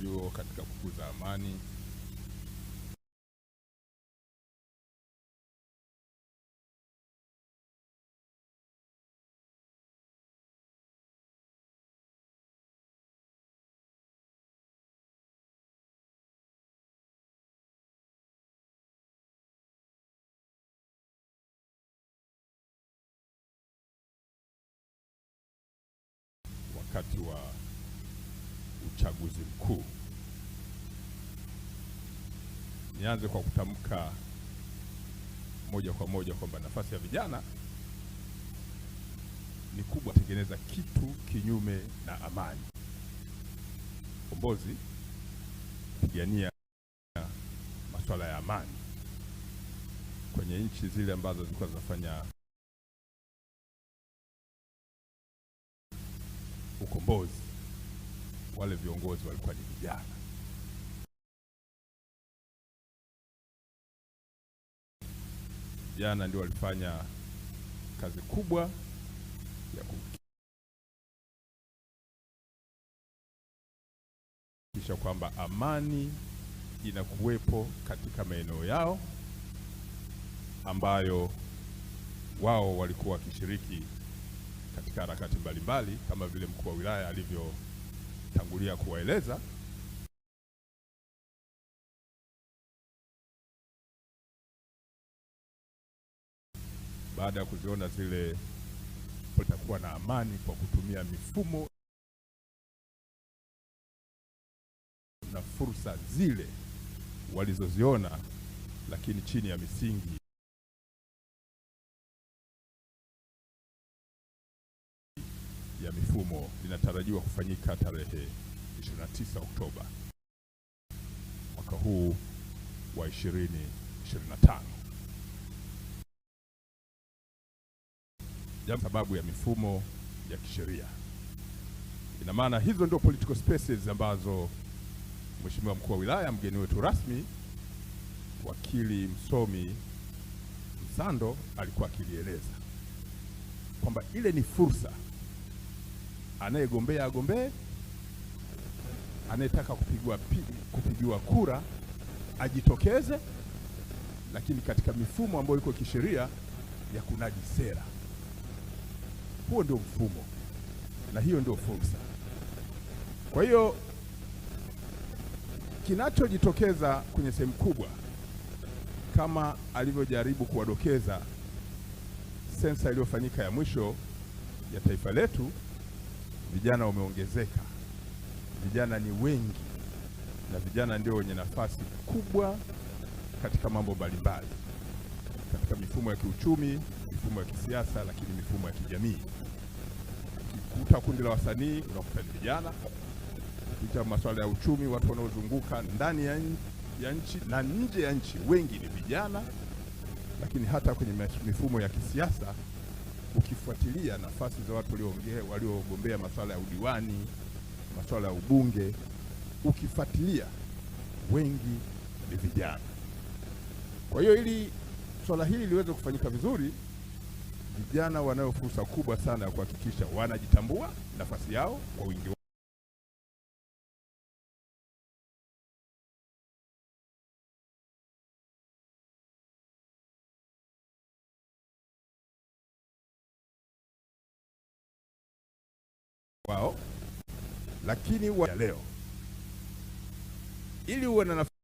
vyuo katika kukuza amani wakati wa uchaguzi mkuu. Nianze kwa kutamka moja kwa moja kwamba nafasi ya vijana ni kubwa, tengeneza kitu kinyume na amani, ukombozi, pigania masuala ya amani kwenye nchi zile ambazo zilikuwa zinafanya ukombozi wale viongozi walikuwa ni vijana. Vijana ndio walifanya kazi kubwa ya kuhakikisha kwamba amani inakuwepo katika maeneo yao ambayo wao walikuwa wakishiriki katika harakati mbalimbali kama vile mkuu wa wilaya alivyo tangulia kuwaeleza baada ya kuziona zile itakuwa na amani kwa kutumia mifumo na fursa zile walizoziona, lakini chini ya misingi ya mifumo linatarajiwa kufanyika tarehe 29 Oktoba mwaka huu wa 2025. Jambo sababu ya mifumo ya kisheria, ina maana hizo ndio political spaces ambazo Mheshimiwa mkuu wa wilaya, mgeni wetu rasmi, wakili msomi Msando alikuwa akilieleza kwamba ile ni fursa anayegombea agombee, anayetaka kupigiwa kupigiwa kura ajitokeze, lakini katika mifumo ambayo iko kisheria ya kunadi sera. Huo ndio mfumo na hiyo ndio fursa. Kwa hiyo kinachojitokeza kwenye sehemu kubwa kama alivyojaribu kuwadokeza sensa iliyofanyika ya mwisho ya taifa letu vijana wameongezeka, vijana ni wengi, na vijana ndio wenye nafasi kubwa katika mambo mbalimbali, katika mifumo ya kiuchumi, mifumo ya kisiasa, lakini mifumo ya kijamii. Ukikuta kundi la wasanii unakuta ni vijana, ukikuta masuala ya uchumi, watu wanaozunguka ndani ya nchi na nje ya nchi wengi ni vijana, lakini hata kwenye mifumo ya kisiasa ukifuatilia nafasi za watu eh, waliogombea masuala ya udiwani, masuala ya ubunge, ukifuatilia wengi ni vijana. Kwa hiyo ili swala hili liweze kufanyika vizuri, vijana wanayo fursa kubwa sana ya kuhakikisha wanajitambua nafasi yao kwa wingi kwao, lakini wa leo ili uwe na